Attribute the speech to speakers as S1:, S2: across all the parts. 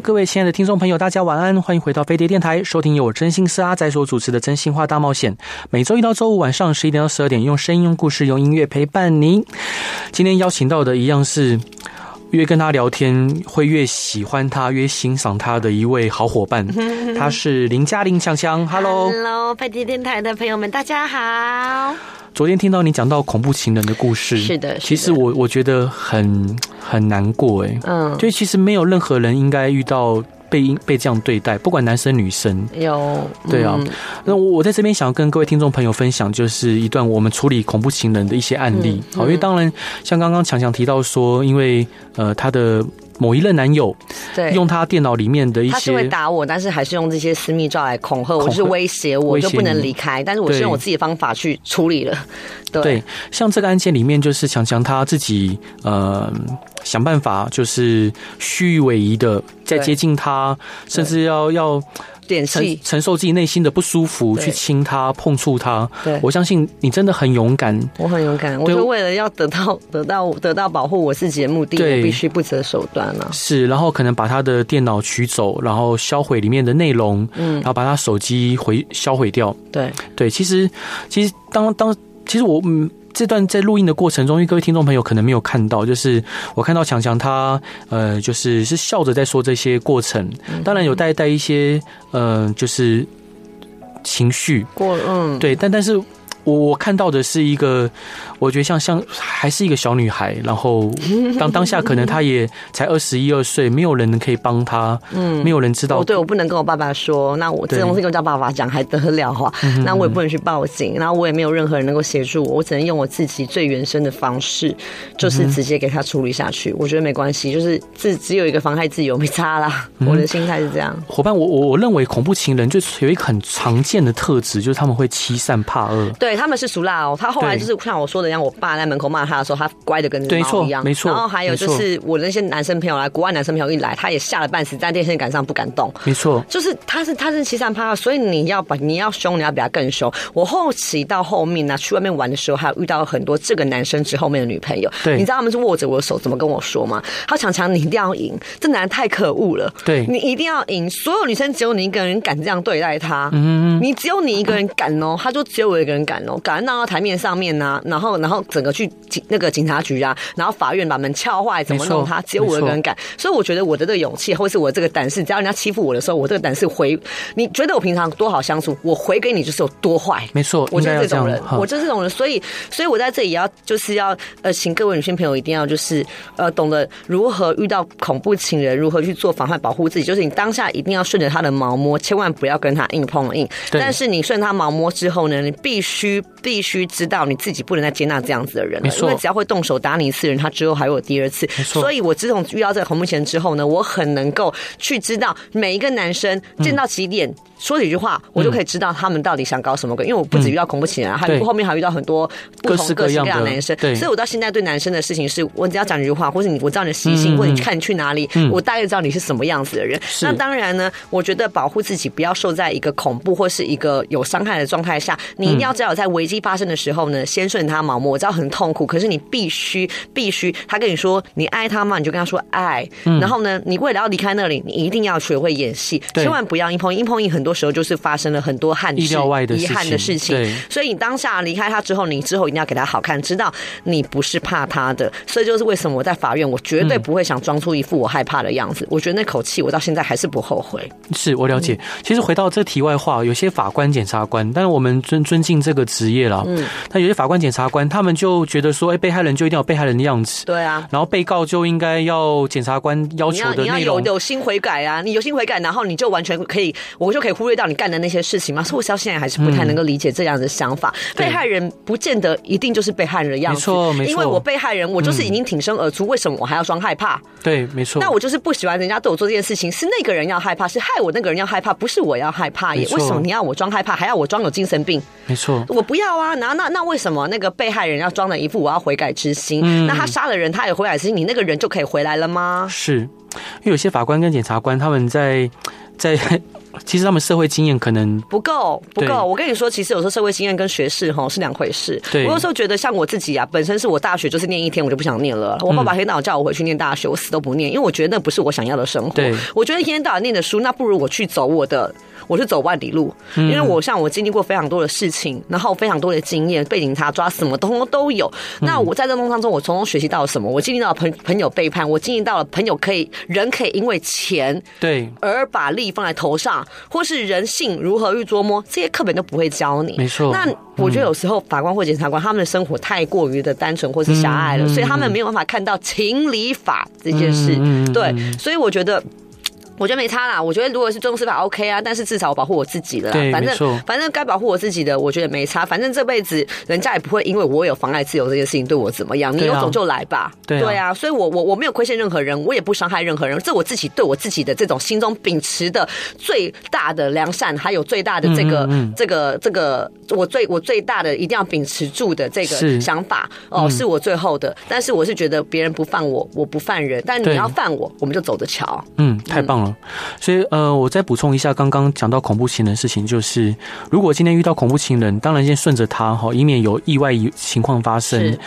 S1: 各位親愛的聽眾朋友，大家晚安，歡迎回到飛碟電台，收聽由我徵信師阿仔所主持的徵信話大冒險。每周一到周五晚上十一點到十二點，用聲音、用故事、用音樂陪伴您。今天邀請到的，一樣是越跟他聊天，會越喜歡他，越欣賞他的一位好夥伴，他是林嘉凌。薔薔。 Hello，Hello，Hello,
S2: 飛碟電台的朋友們，大家好。
S1: 昨天聽到你講到恐怖情人的故事，是的，是的，其實我我覺得很很難過哎，嗯，就其實沒有任何人應該遇到被被這樣對待，不管男生女生，
S2: 有、嗯、對啊，
S1: 那我在這邊想要跟各位聽眾朋友分享，就是一段我們處理恐怖情人的一些案例好，嗯嗯、因為當然像剛剛薔薔提到說，因為呃他的。某一任男友，對，用他電腦裡面的一些，他是會打
S2: 我，但是還是用這些私密照來恐嚇我，嚇就是威脅我，就不能離開。但是我是用我自己的方法去處理了。對，對對
S1: 像這個案件裡面，就是薔薔他自己呃想辦法，就是虛與委蛇的在接近他，對甚至要對要。點承承受自己內心的不舒服，對去親他、碰觸他。對，我相信你真的很勇敢。
S2: 我很勇敢，對我就為了要得到、得到、得到保護我自己的目的，對我必須不擇手段了、啊。
S1: 是，然後可能把他的電腦取走，然後銷毀裡面的內容。嗯，然後把他手機毀、銷毀掉。對，對，其實，其實當，當當，其實我嗯。這段在錄音的過程中，因為各位聽眾朋友可能沒有看到，就是我看到薔薔他，呃，就是是笑着在說這些過程，當然有帶帶一些，呃，就是情緒，過，嗯，對，但但是。我我看到的是一個，我覺得像像還是一個小女孩，然後當當下可能她也才二十一二歲，沒有人能可以幫她，嗯，沒有人知道，我對，
S2: 我不能跟我爸爸說，那我這個東西跟我爸爸講還得了哈？對那我也不能去報警，嗯、哼然後我也沒有任何人能夠協助我，我只能用我自己最原生的方式，就是直接給她處理下去。嗯、我覺得沒關係，就是自只有一個妨害自由，沒差啦。嗯、我的心態是這樣。
S1: 夥伴，我我我認為恐怖情人就有一個很常見的特質，就是他們會欺善怕惡，
S2: 對。欸、他們是俗辣哦，他後來就是像我說的一樣，對我爸在門口罵他的時候，他乖的跟貓一樣。沒錯，沒錯，然後還有就是我那些男生朋友來，錯國外男生朋友一來，他也嚇得半死，在電線桿上不敢動。沒錯，就是他是他是欺善怕惡，所以你要把你要兇，你要比他更兇。我後期到後面呢、啊，去外面玩的時候，還有遇到很多這個男生之後面的女朋友，對。你知道他們是握着我的手怎麼跟我說嗎？他常常你一定要贏，這男人太可惡了，對，你一定要贏，所有女生只有你一個人敢這樣對待他，嗯哼哼，你只有你一個人敢哦，他就只有我一個人敢。我敢鬧到台面上面啊，然後然後整個去警那個警察局啊，然後法院把門撬壞，怎麼弄他？只有錯我一個人敢，錯所以我覺得我的這個勇氣，或者是我這個膽識，只要人家欺負我的時候，我這個膽識回。你覺得我平常多好相處？我回給你就是有多壞，沒錯，我就是這種人，呵我就是這種人，所以所以，我在這裡也要就是要呃，請各位女性朋友一定要就是呃懂得如何遇到恐怖情人，如何去做防範保護自己，就是你當下一定要順着他的毛摸，千萬不要跟他硬碰硬。對但是你順着他毛摸之後呢，你必須。必須知道你自己不能再接納這樣子的人了，沒錯，因為只要會動手打你一次人，他之後還有第二次。沒錯，所以，我自從遇到這個恐怖情人之後呢，我很能夠去知道每一個男生見到起點。嗯說幾句話，我就可以知道他們到底想搞什麼鬼。因為我不止遇到恐怖情人，啊、還、嗯、後面還遇到很多不同各式各樣的男生。各各對，所以我到現在對男生的事情是，我只要講幾句話，或者你我知道你的習性，或者你看你去哪裡，嗯、我大概知道你是什麼樣子的人。嗯、那當然呢，我覺得保護自己不要受在一個恐怖或是一個有傷害的狀態下，你一定要知道在危機發生的時候呢，先順他毛毛。我知道很痛苦，可是你必須必須，他跟你說你愛他嘛，你就跟他說愛。嗯、然後呢，你未來要離開那裡，你一定要學會演戲，對千萬不要硬碰硬，硬碰硬很多。時候就是發生了很多汗意料外的遺憾的事情，對 所以你當下離開他之後，你之後一定要給他好看，知道你不是怕他的，所以就是為什麼我在法院，我絕對不會想裝出一副我害怕的樣子，嗯、我覺得那口氣我到現在還是不後悔。
S1: 是我了解，嗯、其實回到這題外話，有些法官、檢察官，但是我們尊尊敬這個職業了，嗯，但有些法官、檢察官他們就覺得說，哎，被害人就一定要有被害人的樣子，對啊，然後被告就應該要檢察官要求的，你要你要有有
S2: 心悔改啊，你有心悔改，然後你就完全可以，我就可以。忽略到你幹的那些事情嗎？所以，我到現在還是不太能夠理解這樣的想法。嗯、被害人不見得一定就是被害人的樣子，沒錯，沒錯。因為我被害人，我就是已經挺身而出，嗯、為什麼我還要裝害怕？
S1: 對，沒錯。那我
S2: 就是不喜歡人家對我做這件事情，是那個人要害怕，是害我那個人要害怕，不是我要害怕耶？沒錯，為什麼你要我裝害怕，還要我裝有精神病？
S1: 沒錯錯，
S2: 我不要啊！那那那為什麼那個被害人要裝了一副我要悔改之心？嗯、那他殺了人，他也悔改之心，你那個人就可以回來了嗎？
S1: 是因為有些法官跟檢察官他們在在。其實他們社會經驗可能
S2: 不夠，不夠。對我跟你說，其實有時候社會經驗跟學識哈是兩回事。對我有時候覺得像我自己啊，本身是我大學就是念一天我就不想念了。我爸爸、黑爺叫我回去念大學，嗯、我死都不念，因為我覺得那不是我想要的生活。對我覺得一天到晚念的書，那不如我去走我的，我是走萬里路。嗯、因為我像我經歷過非常多的事情，然後非常多的經驗，背景差，抓什麼通通都有。嗯、那我在這當中，我從中學習到了什麼？我經歷到朋朋友背叛，我經歷到了朋友可以人可以因為錢對而把利放在頭上。或是人性如何去捉摸，這些課本都不會教你。沒錯錯，那我覺得有時候法官或檢察官他們的生活太過於的單純或是狹隘了，嗯嗯、所以他們沒有辦法看到情理法這件事。嗯嗯嗯、對，所以我覺得。我覺得沒差啦，我覺得如果是中式法 OK 啊，但是至少我保護我自己的啦。對反正錯反正該保護我自己的，我覺得沒差。反正這輩子人家也不會因為我有妨礙自由這件事情對我怎麼樣，啊、你有種就來吧，對啊，對啊，所以我我我沒有虧欠任何人，我也不傷害任何人，這我自己對我自己的這種心中秉持的最大的良善，還有最大的這個、嗯嗯嗯、這個這個，我最我最大的一定要秉持住的這個想法、嗯、哦，是我最後的。但是我是覺得別人不犯我，我不犯人，但你要犯我，對我們就走着瞧。嗯，
S1: 太棒了。嗯所以，呃，我再補充一下，剛剛講到恐怖情人的事情，就是如果今天遇到恐怖情人，當然先順着他，以免有意外情況發生。是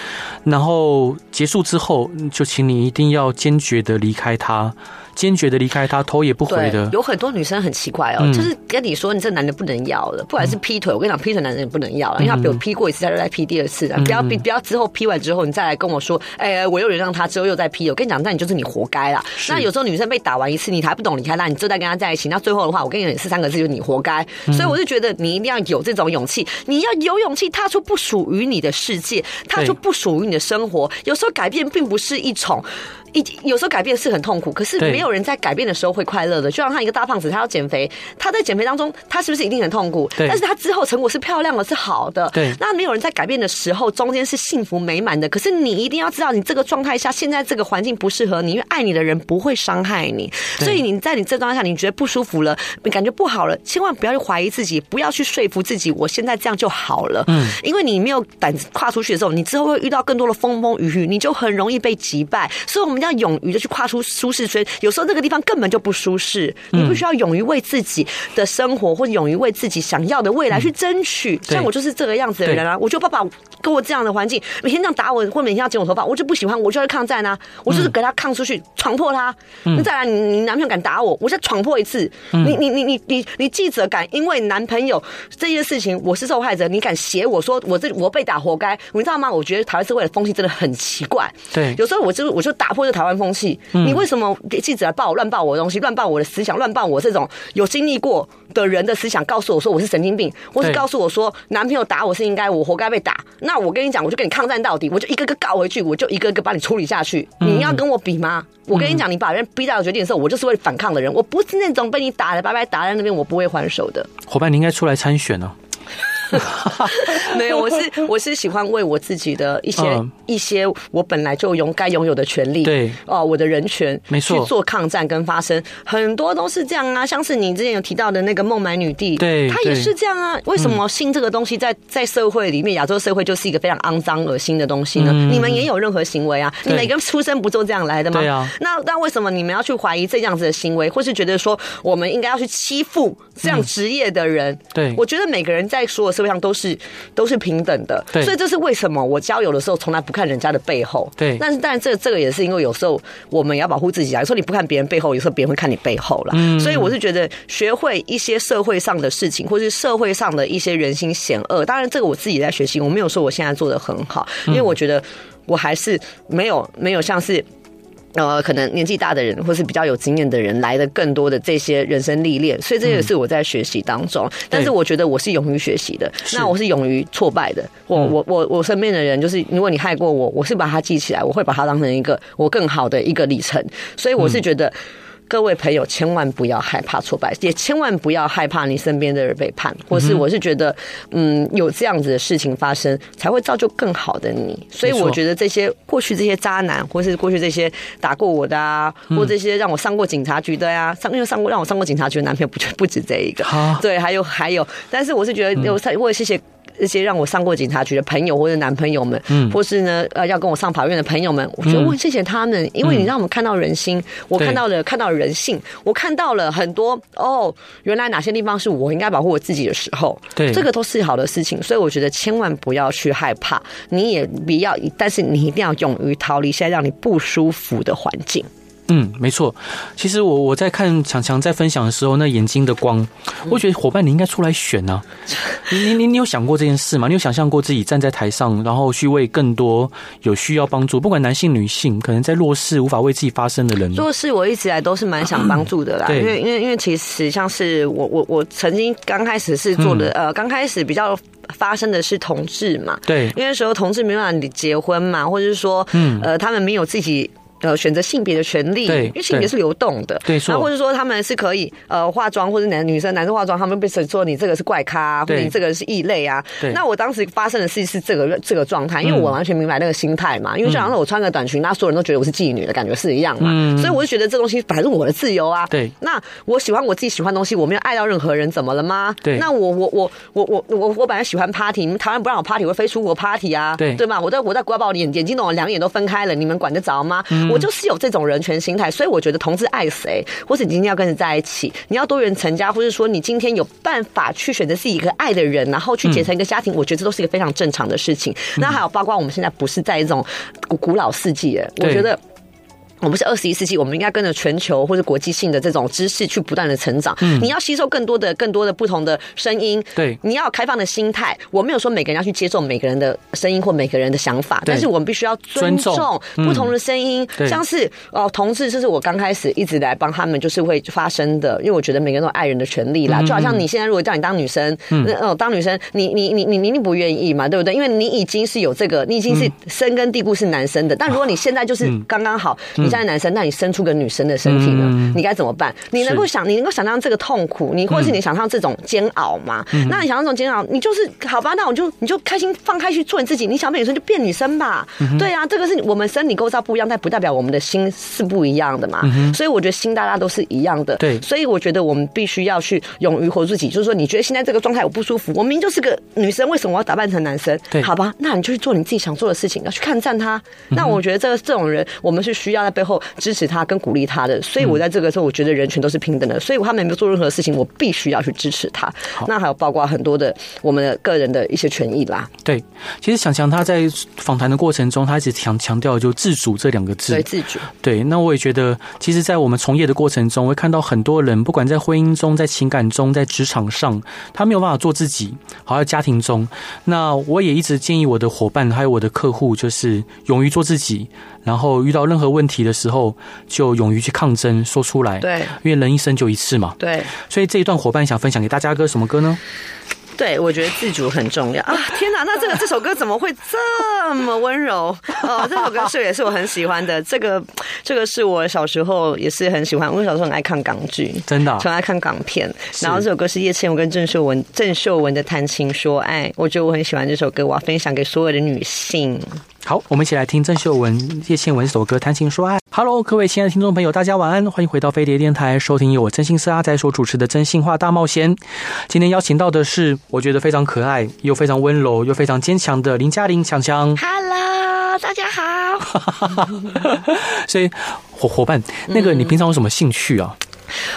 S1: 然後結束之後，就請你一定要堅決的離開他。堅決的離開他，頭也不回的。有
S2: 很多女生很奇怪哦，嗯、就是跟你說，你這男的不能要的，不管是劈腿，我跟你講，劈腿男人也不能要了，嗯、因為他有劈過一次，他就在劈第二次，嗯啊，不要，不要之後劈完之後你再來跟我說，哎，嗯欸，我又原諒他之後又再劈，我跟你講，那你就是你活該了。是那有時候女生被打完一次，你還不懂離開，那你就在跟他在一起，那最後的話，我跟你講是三個字，就是你活該。嗯、所以我就覺得你一定要有這種勇氣，你要有勇氣踏出不屬於你的世界，踏出不屬於你的生活。對有時候改變並不是一種。一有時候改變是很痛苦，可是沒有人在改變的時候會快樂的。對就像他一個大胖子，他要減肥，他在減肥當中，他是不是一定很痛苦？對。但是他之後成果是漂亮的，是好的。對。那沒有人在改變的時候，中間是幸福美滿的。可是你一定要知道，你這個狀態下，現在這個環境不適合你，因為愛你的人不會傷害你。對所以你在你這狀態下，你覺得不舒服了，你感覺不好了，千萬不要去懷疑自己，不要去說服自己，我現在這樣就好了。嗯。因為你沒有膽子跨出去的時候，你之後會遇到更多的風風雨雨，你就很容易被擊敗。所以，我們。人家勇於的去跨出舒適圈，有時候那個地方根本就不舒適。你必須要勇於為自己的生活，或勇於為自己想要的未來去爭取。嗯、像我就是這個樣子的人啊！對我就爸爸跟我這樣的環境，對每天這樣打我，或每天要剪我頭髮，我就不喜歡，我就是抗戰啊，我就是給他抗出去，闖、嗯、破他。那再來你，你男朋友敢打我，我再闖破一次。嗯、你你你你你你記者敢因為男朋友這件事情，我是受害者，你敢寫我說我這我被打活該，你知道嗎？我覺得台灣社會的風氣真的很奇怪。對，有時候我就我就打破。是台灣風氣，你為什麼給記者來報亂報我的東西，亂報我的思想，亂報我這種有經歷過的人的思想？告訴我說我是神經病，或是告訴我說男朋友打我是應該，我活該被打？對那我跟你講，我就跟你抗戰到底，我就一個個告回去，我就一個一個把你處理下去。嗯、你要跟我比嗎？嗯、我跟你講，你把人逼到決定的時候，我就是會反抗的人，我不是那種被你打的白白打在那邊，我不會還手的。
S1: 伙伴，你應該出來參選哦、啊。
S2: 沒有，我是我是喜歡為我自己的一些一些我本來就擁該擁有的權利，對，哦，我的人權，沒錯，去做抗戰跟發聲，很多都是這樣啊。像是你之前有提到的那個孟買女帝，對，她也是這樣啊。為什麼性這個東西在在社會裡面，亞洲社會就是一個非常骯髒噁心的東西呢？你們也有任何行為啊？每個出生不就這樣來的嗎？對啊。那那為什麼你們要去懷疑這樣子的行為，或是覺得說我們應該要去欺負這樣職業的人？對，我覺得每個人在說社會上都是都是平等的，對所以這是為什麼我交友的時候從來不看人家的背後，對，但是但是這這個也是因為有時候我們也要保護自己啊。說你不看別人背後，有時候別人會看你背後了。嗯，所以我是覺得學會一些社會上的事情，或者是社會上的一些人心險惡。當然，這個我自己在學習，我沒有說我現在做得很好，因為我覺得我還是沒有沒有像是。呃，可能年紀大的人，或是比較有經驗的人，來的更多的這些人生歷練，所以這也是我在學習當中。嗯、但是我覺得我是勇於學習的，對那我是勇於挫敗的。是我我我我身邊的人，就是如果你害過我，我是把它記起來，我會把它當成一個我更好的一個歷程。所以我是覺得，嗯各位朋友，千萬不要害怕挫敗，也千萬不要害怕你身邊的人背叛，或是我是覺得，嗯，有這樣子的事情發生，才會造就更好的你。所以我覺得這些過去這些渣男，或是過去這些打過我的啊，或這些讓我上過警察局的呀、啊，嗯、上因為上過讓我上過警察局的男朋友不就不止這一個，哈對，還有還有，但是我是覺得有，我也、嗯、謝謝。那些讓我上過警察局的朋友，或者男朋友們，嗯、或是呢，呃，要跟我上法院的朋友們，我覺得我，謝謝他們，嗯、因為你讓我們看到人心，嗯、我看到了，對看到了人性，我看到了很多哦，原來哪些地方是我應該保護我自己的時候，對，這個都是好的事情，所以我覺得千萬不要去害怕，你也不要，但是你一定要勇於逃離現在讓你不舒服的環境。
S1: 嗯，沒錯。其實我我在看薔薔在分享的時候，那眼睛的光，我覺得夥伴你應該出來選啊！嗯、你你你有想過這件事嗎？你有想象過自己站在台上，然後去為更多有需要幫助，不管男性女性，可能在弱勢無法為自己發聲的人？弱
S2: 勢，我一直來都是蠻想幫助的啦。嗯、因為因為因為其實像是我我我曾經剛開始是做的，嗯、呃，剛開始比較發生的是同志嘛。對。因為那時候同志沒辦法結婚嘛，或者是說，嗯，呃，他們沒有自己。呃，選擇性別的權利，因為性別是流動的，對，那或者說他們是可以呃化妝，或者男女生男生化妝，他們被說你這個是怪咖，對或者你這個是異類啊。對那我當時發生的事情是這個這個狀態，因為我完全明白那個心態嘛。嗯、因為就好像我穿個短裙，那所有人都覺得我是妓女的感覺是一樣嘛。嗯、所以我就覺得這東西反正我的自由啊。對，那我喜歡我自己喜歡的東西，我沒有愛到任何人，怎麼了嗎？對，那我我我我我我我本來喜歡 party，你們台灣不讓我 party，我非出國 party 啊，對對吧？我在我在國外把我眼眼睛弄，兩眼都分開了，你們管得着嗎？嗯我就是有這種人權心態，所以我覺得同志愛誰，或是你今天要跟人在一起，你要多元成家，或是說你今天有辦法去選擇是一個愛的人，然後去結成一個家庭，嗯、我覺得這都是一個非常正常的事情。那、嗯、還有包括我們現在不是在一種古古老世紀，對我覺得。我們是二十一世紀，我們應該跟着全球或者國際性的這種知識去不斷的成長。嗯、你要吸收更多的，更多的不同的聲音。對，你要有開放的心態。我沒有說每個人要去接受每個人的聲音或每個人的想法，對但是我們必須要尊重，尊重不同的聲音。嗯、像是哦，同志，就是我剛開始一直來幫他們，就是會發聲的。因為我覺得每個人都有愛人的權利啦，就好像你現在如果叫你當女生，那哦、嗯嗯、當女生，你你你你你你不願意嘛，對不對？因為你已經是有這個，你已經是深根蒂固是男生的。但如果你現在就是剛剛好。嗯嗯你現在男生，那你生出個女生的身體呢？你該怎麼辦？你能夠想，你能夠想象這個痛苦，你或者是你想象這種煎熬嗎？那你想象這種煎熬，你就是好吧？那我就你就開心放開去做你自己。你想變女生就變女生吧。對啊，這個是我們生理構造不一樣，但不代表我們的心是不一樣的嘛。所以我覺得心大家都是一樣的。對，所以我覺得我們必須要去勇於活自己。就是說，你覺得現在這個狀態我不舒服，我明明就是個女生，為什麼我要打扮成男生？對，好吧，那你就去做你自己想做的事情。去看戰他。那我覺得這個這種人，我們是需要背後支持他跟鼓勵他的，所以我在這個時候，我覺得人權都是平等的。嗯、所以我他們沒有做任何事情，我必須要去支持他。好那還有包括很多的我們的個人的一些權益啦。
S1: 對，其實薔薔他在訪談的過程中，他一直強強調就自主這兩個字。對，自主。對，那我也覺得，其實，在我們從業的過程中，我會看到很多人，不管在婚姻中、在情感中、在職場上，他沒有辦法做自己。還有家庭中，那我也一直建議我的夥伴還有我的客戶，就是勇於做自己。然後遇到任何問題的時候，就勇於去抗爭，說出來。對，因為人一生就一次嘛。對。所以這一段伙伴想分享給大家歌什麼歌呢？
S2: 對，我覺得自主很重要啊！天哪，那這個 這首歌怎麼會這麼溫柔？哦，這首歌是也是我很喜歡的。這個這個是我小時候也是很喜歡，我小時候很愛看港劇，真的、啊，很愛看港片。是然後這首歌是葉倩文跟鄭秀文，鄭秀文的《談情說愛》，我覺得我很喜歡這首歌，我要分享給所有的女性。
S1: 好，我們一起來聽鄭秀文、葉倩文首歌《談情說愛》。Hello，各位親愛的聽眾朋友，大家晚安，歡迎回到飛碟電台，收聽由我徵信社阿仔所主持的《徵信話大冒險》。今天邀請到的是，我覺得非常可愛又非常溫柔又非常堅強的林嘉凌薔薔。Hello，
S2: 大家好。
S1: 所以伙伙伴，那個你平常有什麼興趣啊？嗯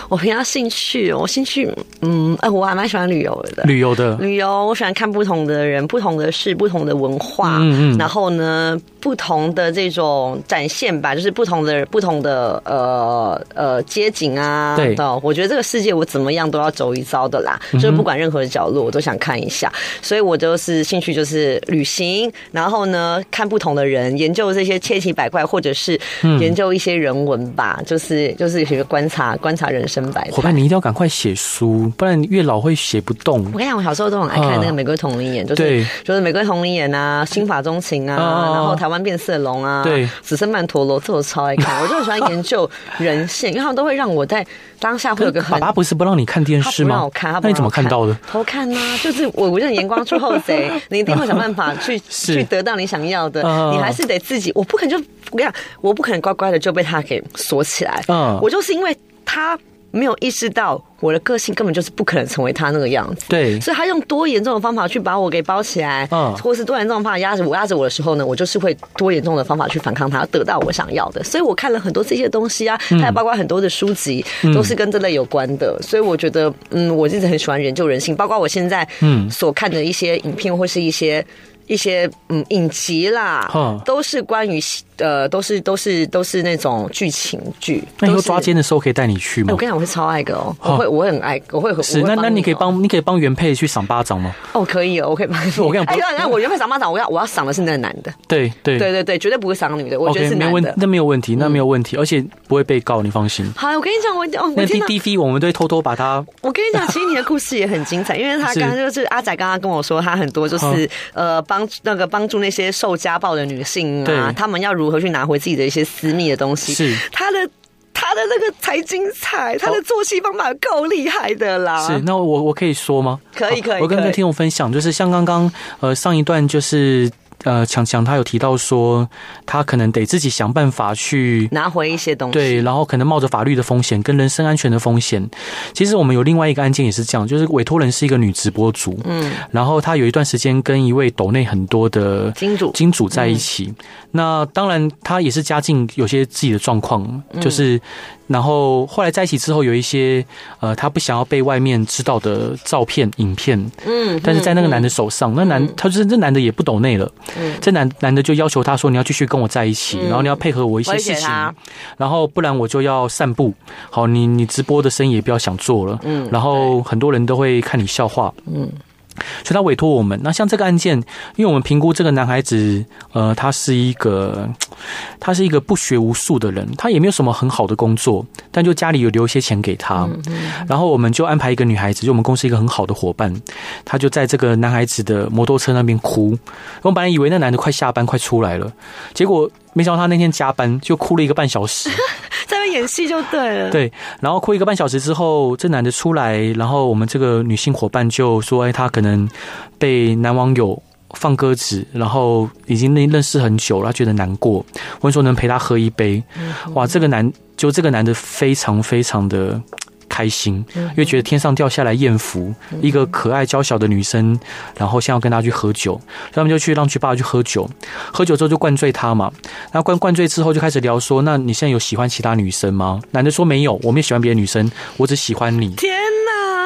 S2: 我平常興趣，我興趣，嗯，哎、欸，我還蠻喜歡旅遊的，旅遊的，旅遊，我喜歡看不同的人、不同的事、不同的文化，嗯，嗯，然後呢。不同的這種展現吧，就是不同的不同的呃呃街景啊，對，我覺得這個世界我怎麼樣都要走一遭的啦，嗯、哼就是不管任何的角落我都想看一下，所以我就是興趣就是旅行，然後呢看不同的人，研究這些千奇百怪，或者是研究一些人文吧，嗯、就是就是學觀察觀察人生百態。夥伴，
S1: 你一定要趕快寫書，不然你越老會寫不動。我跟
S2: 你講，我小時候都很愛看那個《玫瑰瞳鈴眼》啊，就是就是《對就是玫瑰瞳鈴眼》啊，《心法鍾情》啊，嗯、然後他。嗯《變色龍》啊，對，《紫色曼陀羅》這我超愛看，我就很喜歡研究人性， 因為他們都會讓我在當下會有個很。爸爸
S1: 不是不讓你看電視嗎？他不讓我看，他不讓我看，那你怎麼看到的？
S2: 偷看吶、啊，就是我，我叫陽光出後賊， 你一定會想辦法去 是去得到你想要的。你還是得自己，我不可能就，我跟你講，我不可能乖乖的就被他給鎖起來。嗯， 我就是因為他。沒有意識到我的個性根本就是不可能成為他那個樣子，對，所以他用多嚴重的方法去把我給包起來，哦、或是多嚴重的方法壓着我壓着我的時候呢，我就是會多嚴重的方法去反抗他，得到我想要的。所以我看了很多這些東西啊，他也、嗯、包括很多的書籍，嗯、都是跟這類有關的。所以我覺得，嗯，我一直很喜歡研究人性，包括我現在嗯所看的一些影片或是一些一些嗯影集啦，哦、都是關於。呃，都是都是都是那種劇情劇。那說抓奸
S1: 的時候可以帶你去嗎？我跟你
S2: 講，我會超愛的哦，我會我很愛，我會是。那那你
S1: 可以幫你可以幫原配去賞巴掌嗎？
S2: 哦，可以哦，我跟你說我原配賞巴掌，我要我要賞的是那個男的。
S1: 對對對
S2: 對絕對不會賞女的。我覺得是沒問
S1: 那沒有問題，那沒有問題，而且不會被告，你放心。
S2: 好，我跟你講，我你那 d v
S1: 我們都會偷偷把他。
S2: 我跟你講，其實你的故事也很精彩，因為他剛剛就是阿仔剛剛跟我說，他很多就是呃幫那個幫助那些受家暴的女性啊，他們要如。回去拿回自己的一些私密的東西，是他的他的那個才精彩，oh. 他的作息方法夠厲害的啦。是，那我我可以說嗎？
S1: 可以可以。好可以我跟各位聽眾分享，以就是像剛剛呃上一段就是。呃，薔薔他有提到說，他可能得自己想辦法去
S2: 拿回一些東西，對，
S1: 然後可能冒着法律的風險跟人身安全的風險。其實我們有另外一個案件也是這樣，就是委托人是一個女直播主，嗯，然後她有一段時間跟一位斗內很多的金主金主在一起，嗯、那當然她也是家境有些自己的狀況，就是。然後後來在一起之後，有一些呃，他不想要被外面知道的照片、影片，嗯，但是在那個男的手上，嗯、那男，嗯、他就是這男的也不抖內了，嗯，這男男的就要求他說，你要繼續跟我在一起，嗯、然後你要配合我一些事情，然後不然我就要散步，好，你你直播的生意也不要想做了，嗯，然後很多人都會看你笑話，嗯。嗯所以他委託我們。那像這個案件，因為我們評估這個男孩子，呃，他是一個，他是一個不學無術的人，他也沒有什麼很好的工作，但就家裡有留一些錢給他。嗯嗯嗯。然後我們就安排一個女孩子，就我們公司一個很好的夥伴，她就在這個男孩子的摩托車那邊哭。我本來以為那男的快下班，快出來了，結果沒想到他那天加班，就哭了一個半小時。
S2: 在外面演戲就對了。對，
S1: 然後哭一個半小時之後，這男的出來，然後我們這個女性夥伴就說：“哎，他可能被男網友放鴿子，然後已經認認識很久了，他覺得難過。我說能陪他喝一杯。嗯哼”哇，這個男就這個男的非常非常的。開心，因為覺得天上掉下來豔福， 一個可愛嬌小的女生，然後先要跟她去喝酒，他們就去讓去爸爸去喝酒，喝酒之後就灌醉他嘛，然後灌灌醉之後就開始聊說，那你現在有喜歡其他女生嗎？男的說沒有，我沒有喜歡別的女生，我只喜歡你。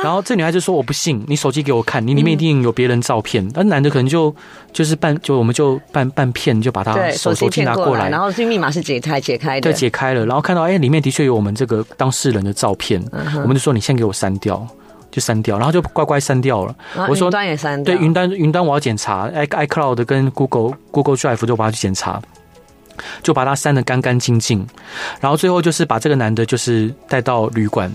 S1: 然後這女孩就說：“我不信，你手機給我看，你裡面一定有別人照片。嗯”那男的可能就就是半，就我們就半半片，就把他手手機拿過，過來，然
S2: 後這密碼是解開解開的，對，解
S1: 開了，然後看到哎，裡面的確有我們這個當事人的照片，嗯、哼我們就說你先給我刪掉，就刪掉，然後就乖乖刪掉了。我說雲端也刪掉，對，雲端雲端我要檢查 i iCloud 跟 Google Google Drive 就把它去檢查，就把它刪的乾乾淨淨，然後最後就是把這個男的就是帶到旅館。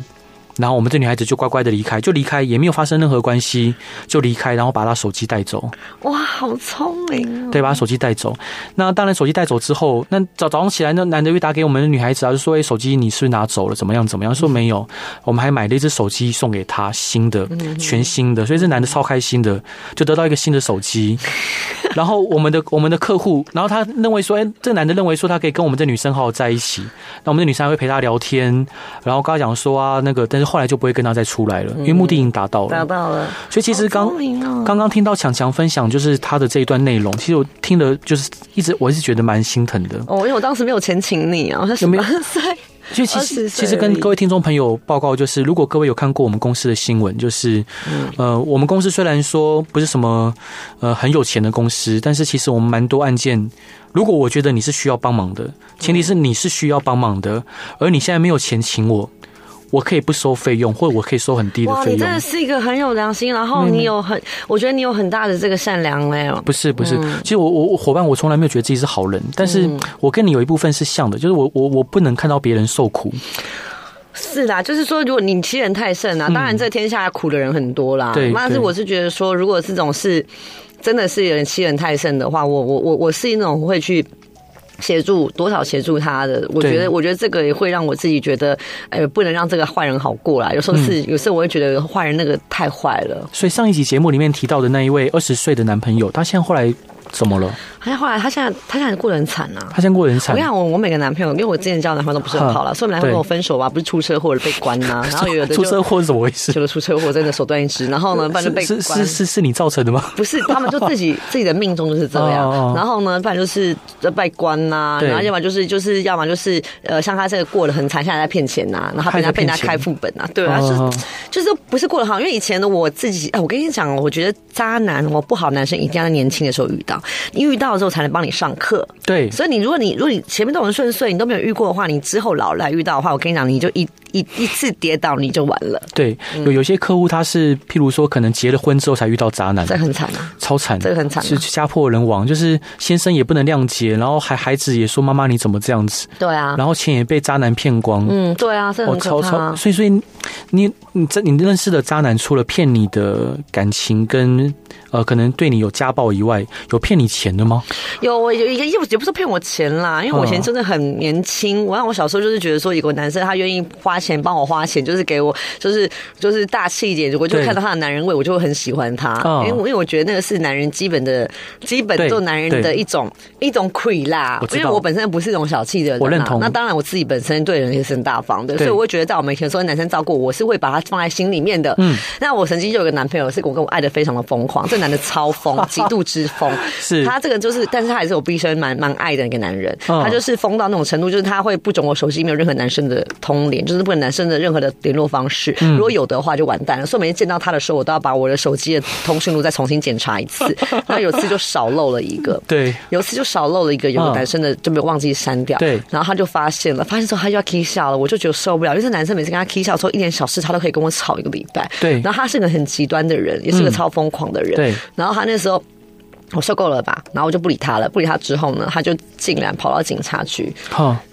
S1: 然後我們這女孩子就乖乖的離開，就離開，也沒有發生任何關係，就離開，然後把她手機帶走。
S2: 哇，好聰明，哦！對，
S1: 把她手機帶走。那當然，手機帶走之後，那早早上起來呢，那男的又打給我們的女孩子，啊，就說：“哎，欸，手機你是不是拿走了，怎麼樣？怎麼樣？”嗯，說沒有，我們還買了一只手機送給她，新的，全新的。所以這男的超開心的，就得到一個新的手機。嗯 然後我們的我們的客戶，然後他認為說，哎，這男的認為說他可以跟我們這女生好好在一起，那我們的女生還會陪他聊天，然後跟他講說啊那個，但是後來就不會跟他再出來了，嗯、因為目的已經達到了。達到了。所以其
S2: 實剛、哦、剛
S1: 剛聽到薔薔分享，就是他的這一段內容，其實我聽的就是一直，我一直覺得蠻心疼的。哦，
S2: 因為我當時沒有錢請你啊，我說什麼？有沒有 就其實其實跟各位
S1: 聽眾朋友報告，就是如果各位有看過我們公司的新聞，就是呃，我們公司雖然說不是什麼呃很有錢的公司，但是其實我們蠻多案件。如果我覺得你是需要幫忙的，前提是你是需要幫忙的，而你現在沒有錢請我。我可以不收費用，或者我可以收很低的費用。哇，你真的
S2: 是一個很有良心，然後你有很，嗯、我覺得你有很大的這個善良嘞。不
S1: 是不是，嗯、其實我我我夥伴我從來沒有覺得自己是好人，但是我跟你有一部分是像的，就是我我我不能看到別人受苦。
S2: 是啦，就是說，如果你欺人太甚啊，當然這天下苦的人很多啦。嗯、對，對，但是我是覺得說，如果這種事真的是有點欺人太甚的話，我我我我是一種會去。協助多少協助他的。我覺得，對我覺得這個也會讓我自己覺得，哎、欸，不能讓這個壞人好過來。有時候是，嗯、有時候我會覺得壞人那個太壞了。所以上
S1: 一集節目裡面提到的那一位二十歲的男朋友，他現在後來？怎麼了？
S2: 還後來他現在他現在過得很慘吶。他現在過得很慘。我跟你講，我我每個男朋友，因為我之前交的男朋友都不是很好了，所以我男朋友跟我分手吧，不是出車禍了被關吶，然後有的出車禍是怎麼回事？就是出車禍真的手段一直，然後呢，不然就被是是是你造成的嗎？不是，他們就自己自己的命中就是這樣。然後呢，不然就是被關吶，然後要麼就是就是要麼就是呃，像他這個過得很慘，現在在騙錢吶，然後被他被人家開副本吶，對啊，是就是不是過得好？因為以前的我自己哎，我跟你講，我覺得渣男哦，不好的男生一定要在年輕的時候遇到。你遇到之後才能幫你上課，對，所以你如果你如果你前面都很順遂，你都沒有遇過的話，你之後老來遇到的話，我跟你講，你就一一一,一次跌倒你就完了。
S1: 對，嗯、有有些客戶他是譬如說，可能結了婚之後才遇到渣男，這很慘啊，超慘，這個很慘啊，是家破人亡，就是先生也不能諒解，然後孩孩子也說媽媽你怎麼這樣子？對啊，然後錢也被渣男騙光，
S2: 嗯，對啊，我、啊哦、超超，所
S1: 以所以你你這你認識的渣男除了騙你的感情跟呃可能對你有家暴以外，有。騙你錢的嗎？
S2: 有，我有一個，又也不是騙我錢啦，因為我以前真的很年輕，我讓我小時候就是覺得說，有個男生他願意花錢幫我花錢，就是給我，就是就是大氣一點，如果就看到他的男人味，我就會很喜歡他，因為對因為我覺得那個是男人基本的，基本做男人的一種一種盔啦。因為我本身不是一種小氣的人。啊，我認同。那當然我自己本身對人也是很大方的，對所以我會覺得在我沒錢的時候男生照顧我，我是會把他放在心裡面的。嗯，那我曾經就有一個男朋友，是我跟我愛的非常的瘋狂，這男的超瘋，極度之瘋。 是他這個人就是，但是他也是我畢生蠻蠻愛的一個男人。哦、他就是瘋到那種程度，就是他會不准我手機沒有任何男生的通聯，就是不准男生的任何的聯絡方式。嗯、如果有的話，就完蛋了。所以我每次見到他的時候，我都要把我的手機的通訊錄再重新檢查一次。他 有一次就少漏了一個，對，有一次就少漏了一個，有個男生的、哦、就沒有忘記刪掉。對，然後他就發現了，發現之後他就要起笑了，我就覺得受不了，因、就、為、是、男生每次跟他起笑的時候，一點小事他都可以跟我吵一個禮拜。對，然後他是一個很極端的人，也是一個超瘋狂的人。嗯、對，然後他那時候。我受夠了吧，然後我就不理他了。不理他之後呢，他就竟然跑到警察局，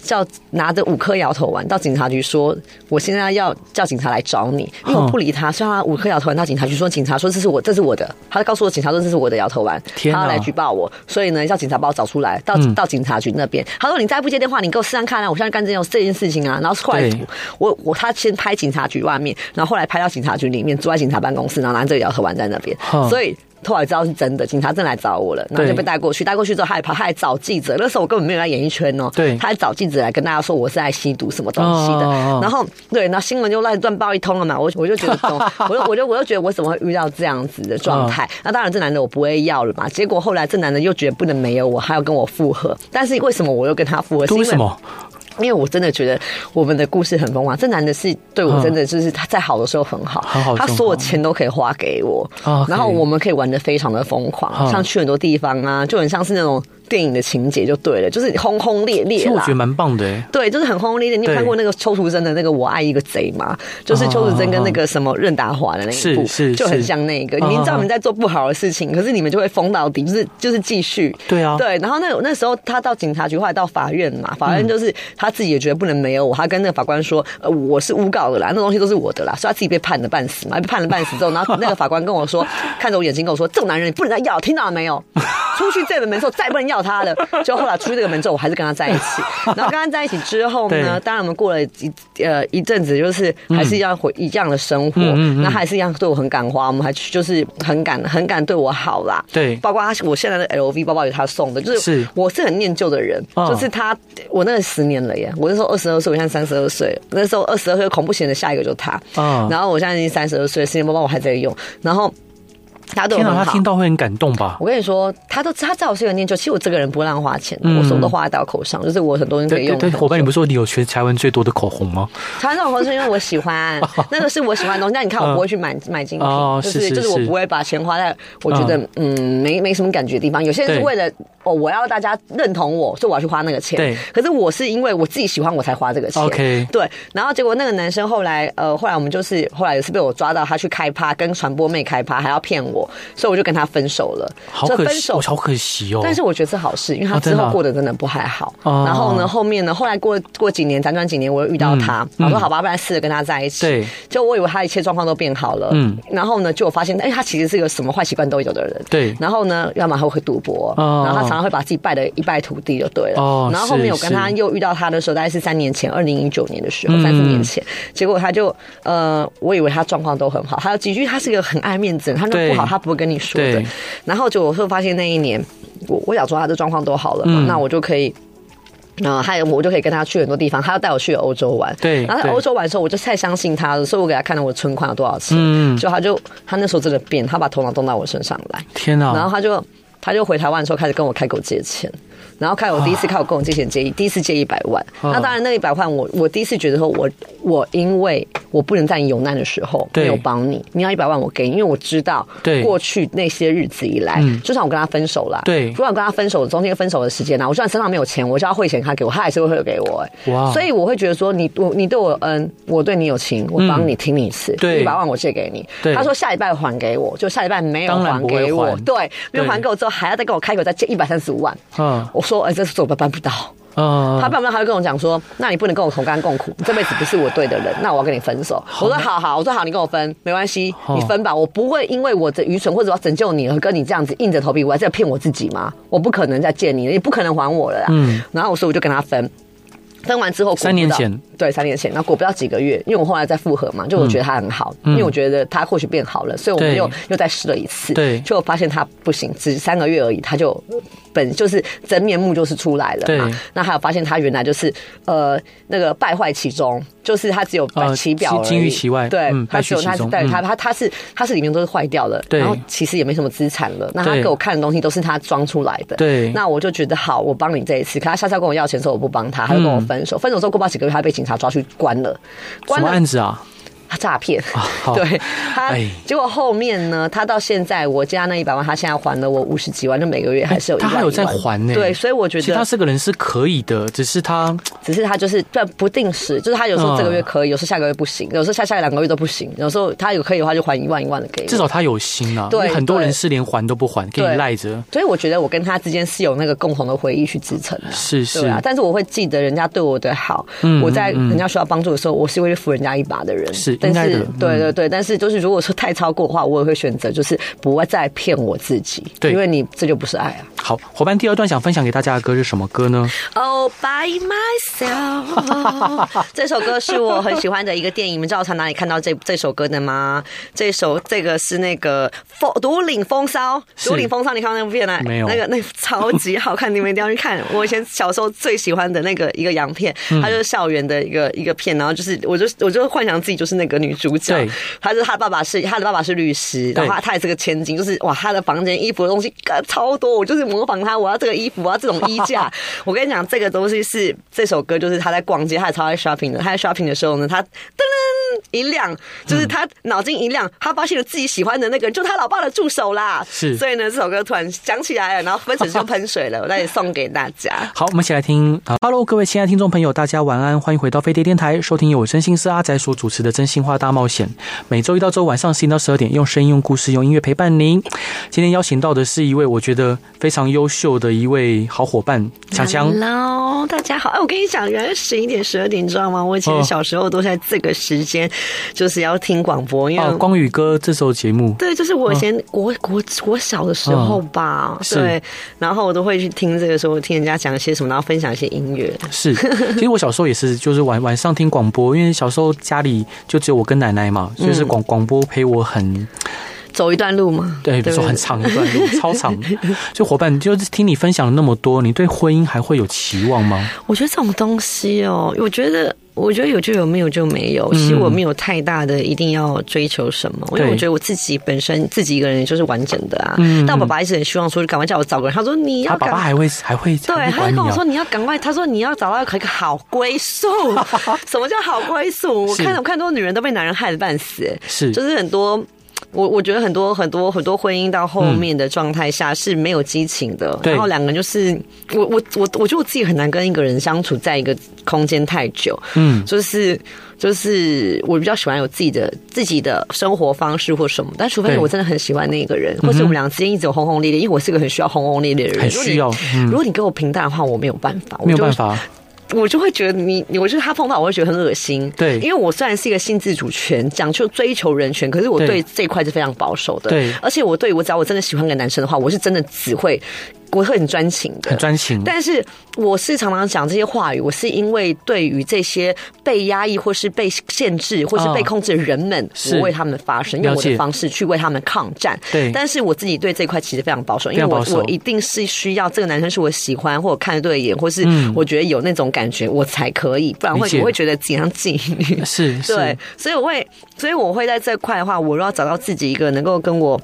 S2: 叫拿着五顆搖頭丸到警察局說：“我現在要叫警察來找你，因為我不理他，所以他五顆搖頭丸到警察局說，警察說這是我，這是我的，他告訴我警察說這是我的搖頭丸，他要來舉報我，所以呢叫警察把我找出來，到到警察局那邊，他說你再不接電話，你給我試試看啦，我現在幹這種這件事情啊，然後後來我我他先拍警察局外面，然後後來拍到警察局裡面，坐在警察辦公室，然後拿這個搖頭丸在那邊，所以。”後來知道是真的，警察正來找我了，然後就被帶過去。帶對過去之後他還跑，他還找記者。那時候我根本沒有在演藝圈哦，對他還找記者來跟大家說我是在吸毒什麼東西的。啊啊啊然後，對，那新聞就亂亂報一通了嘛。我我就覺得，我 我就我就，我就覺得我怎麼會遇到這樣子的狀態？啊、那當然，這男的我不會要了嘛。結果後來這男的又覺得不能沒有我，還要跟我復合。但是為什麼我又跟他復合？為什麼？因為我真的覺得我們的故事很瘋狂，這男的是對我真的就是他在好的時候很好，嗯、他所有錢都可以花給我，嗯、然後我們可以玩的非常的瘋狂，像去很多地方啊，就很像是那種。電影的情節就對了，就是轟轟烈烈啦。我覺得蠻棒的。對，就是很轟轟烈烈。你有看過那個邱淑貞的那個《我愛一個賊》嗎？就是邱淑貞跟那個什麼任達華的那一部，是就很像那個。你明知道你在做不好的事情，可是你們就會瘋到底，就是就是繼續。對啊。對，然後那那時候他到警察局，後來到法院嘛。法院就是他自己也覺得不能沒有我，他跟那個法官說：“呃，我是誣告的啦，那東西都是我的啦。”所以他自己被判了半死嘛，被判了半死之後，然後那個法官跟我說：“看着我眼睛，跟我說，這種男人你不能要，聽到了沒有？出去這門門之後，再不能要。”他了， 就後來出去這個門之後，我還是跟他在一起。然後跟他在一起之後呢，當然我們過了一 對呃一陣子，就是還是一樣回，嗯、一樣的生活。那、嗯嗯嗯、還是一樣對我很感化，我們還就是很感很感對我好啦。對，包括他我現在的 LV 包包有他送的，就是我是很念舊的人，是就是他我那個十年了耶。我那時候二十二歲，我現在三十二歲，歲那時候二十二歲恐怖險的下一個就是他。啊、然後我現在已經三十二歲，十年包包我還在用，然後。天哪，他聽到
S1: 會很感動吧？我
S2: 跟你說，他都他在我是一念舊。其實我這個人不會亂花錢，我什麼都花在刀口上，就是我很多東西可以用。夥伴，你不是
S1: 說你有全台灣最多的口紅嗎？
S2: 台灣口紅是因為我喜歡，那個是我喜歡的東西。但你看，我不會去買買精品，就是就是我不會把錢花在我覺得嗯沒沒什麼感覺的地方。有些人是為了哦，我要大家認同我，所以我要去花那個錢。對，可是我是因為我自己喜歡我才花這個錢。對。然後結果那個男生後來呃，後來我們就是後來也是被我抓到，他去開趴跟傳播妹開趴，還要騙我。所以我就跟他分手了。好可惜，好
S1: 可惜哦。但是我
S2: 覺得是好事，因為他之後過得真的不太好。然後呢，後面呢，後來過過幾年，輾轉幾年，我又遇到他，我說好吧，不然試着跟他在一起。對，就我以為他一切狀況都變好了。嗯，然後呢，就我發現，哎，他其實是個什麼壞習慣都有的人。對，然後呢，要麼他會賭博，然後他常常會把自己敗得一敗塗地就對了。哦，然後後面我跟他又遇到他的時候，大概是三年前，二零一九年的時候，三年前，結果他就呃，我以為他狀況都很好，還有幾句，他是個很愛面子，他說不好。他不會跟你說的，對然後就我會發現那一年，我我想說他的狀況都好了嘛，嗯、那我就可以，然後還有我就可以跟他去很多地方，他要帶我去歐洲玩，對，然後在歐洲玩的時候，對我就太相信他了，所以我給他看了我存款有多少錢，嗯，就他就他那時候真的變，他把頭腦動到我身上來，天吶、啊。然後他就他就回台灣的時候開始跟我開口借錢。然後開始我第一次開始我跟我借錢借一第一次借一百萬，那當然那一百萬我我第一次覺得說我我因為我不能在你有難的時候沒有幫你，你要一百萬我給你，因為我知道過去那些日子以來，就算我跟他分手了，如果我跟他分手中間分手的時間呢，我就算身上沒有錢，我就要匯錢他給我，他還是會匯給我，所以我會覺得說你我你對我恩，我對你有情，我幫你挺你一次，一百萬我借給你，他說下禮拜還給我，就下禮拜沒有還給我，對，沒有還給我之後還要再跟我開口再借一百三十五萬，嗯。說哎、欸，這是我辦辦不到啊！呃、他辦不到，他會跟我講說：“那你不能跟我同甘共苦，你這輩子不是我對的人， 那我要跟你分手。好”我說：“好好，我說好，你跟我分沒關係，哦、你分吧，我不會因為我的愚蠢或者我要拯救你而跟你這樣子硬着頭皮，我還在要騙我自己嗎？我不可能再見你了，也不可能還我了、嗯、然後我說我就跟他分，分完之後三年前，對，三年前，那過不到幾個月，因為我後來再復合嘛，就我覺得他很好，嗯、因為我覺得他或許變好了，所以我又對又再試了一次，對，結果發現他不行，只三個月而已，他就。本就是真面目就是出來了、啊，對。那還有發現他原來就是呃那個敗絮其中，就是他只有外其表而已，呃，金玉其外，對。嗯、他只有他帶他他他是，嗯、他是裡面都是壞掉了，對然後其實也沒什麼資產了。那他給我看的東西都是他裝出來的，對。那我就覺得好，我幫你這一次。可他下次要跟我要錢的時候，我不幫他，他就跟我分手。嗯、分手之後過不了幾個月，他被警察抓去關了。關了什麼案子啊？他詐騙，對，他結果後面呢？他到現在，我借他那一百萬，他現在還了我五十幾萬，就每個月還是有。他還有在還呢，對，所以我覺得，其實
S1: 他這個人是可以的，只是他，
S2: 只是他就是不定時，就是他有時候這個月可以，有時候下個月不行，有時候下下兩個月都不行，有時候他有可以的話就還一萬一萬的給。至少
S1: 他有心啊，對，很多人是連還都不還，給你賴着。
S2: 所以我覺得我跟他之間是有那個共同的回憶去支撐的，是是啊。但是我會記得人家對我的好，我在人家需要幫助的時候，我是會去扶人家一把的人，是。但是，嗯、對對對，但是就是如果說太超過的話，我也會選擇就是不再騙我自己。對，因為你這就不是愛啊。
S1: 好，夥伴，第二段想分享給大家的歌是什麼歌呢
S2: ？Oh, by myself。 這首歌是我很喜歡的一個電影，你們知道從哪裡看到這這首歌的嗎？這首這個是那個風獨領風騷，是獨領風騷，你看到那部片來，沒有，那個那個、超級好看， 你們一定要去看。我以前小時候最喜歡的那個一個洋片，它就是校園的一個一個片，然後就是我就我就幻想自己就是那個。個女主角，她是她的爸爸是她的爸爸是律師，然後她也是個千金，就是哇，她的房間衣服的東西超多，我就是模仿她，我要這個衣服，我要這種衣架。 我跟你講，這個東西是這首歌，就是她在逛街，她也超愛 shopping 的。她在 shopping 的時候呢，她噔噔一亮，就是她腦筋一亮，她發現了自己喜歡的那個，人，就她老爸的助手啦。是，所以呢，這首歌突然響起來了，然後粉絲就噴水了。我再你送給大家。
S1: 好，我們一起來聽好。Hello，各位親愛的聽眾朋友，大家晚安，歡迎回到飛碟電台，收聽由我真心是阿仔所主持的真心。徵信話大冒險，每周一到周五晚上十一點到十二點，用聲音、用故事、用音樂陪伴您。今天邀請到的是一位我覺得非常優秀的一位好夥伴，薔薔。Hello，
S2: 大家好！哎、欸，我跟你講，原來十一點十二點，你知道嗎？我以前小時候都在這個時間，就是要聽廣播，因為、呃、光禹
S1: 哥這時候節目，對，就是我以前、
S2: 呃、我我我小的時候吧，呃、對。是然後我都會去聽這個，時候聽人家講一些什麼，然後分享一些音樂。
S1: 是，其實我小時候也是，就是晚晚上聽廣播， 因為小時候家裡就。就我跟奶奶嘛，就是廣廣播陪我很，嗯
S2: 走一段路嘛？對，比如說很長一段路，超長。
S1: 就夥伴，就是聽你分享了那麼多，你對婚姻還會有期望嗎？
S2: 我覺得這種東西哦，我覺得，我覺得有就有，沒有就沒有。其實我沒有太大的一定要追求什麼，因為我覺得我自己本身自己一個人就是完整的啊。但我爸爸一直很希望說，趕快叫我找個人。他說你要，他爸爸還會還會，對，他跟我說你要趕快，他說你要找到一個好歸宿。什麼叫好歸宿？我看我看多女人都被男人害得半死，是就是很多。我我覺得很多很多很多婚姻到後面的狀態下是沒有激情的，嗯、然後兩個人就是我我我我覺得我自己很難跟一個人相處在一個空間太久，嗯，就是就是我比較喜歡有自己的自己的生活方式或什麼，但除非我真的很喜歡那個人，對 或者我們兩個之間一直有轟轟烈烈，因為我是一個很需要轟轟烈烈的人，很需要、嗯如。如果你給我平淡的話，我沒有辦法，沒有辦法。我就會覺得你，我覺得他碰到我會覺得很噁心。對，因為我雖然是一個性自主權，講究追求人權，可是我對這一塊是非常保守的。對，而且我對我只要我真的喜歡個男生的話，我是真的只會。我會很專情的，很專情。但是我是常常講這些話語，我是因為對於這些被壓抑或是被限制或是被控制的人們，哦、我為他們發聲，解用我的方式去為他們抗戰。對。但是我自己對這塊其實非常保守，因為我我一定是需要這個男生是我喜歡或者看對眼或是我覺得有那種感覺，嗯、我才可以，不然會我會覺得非常忌。解 是。對。所以我會，所以我會在這塊的話，我如果要找到自己一個能夠跟我。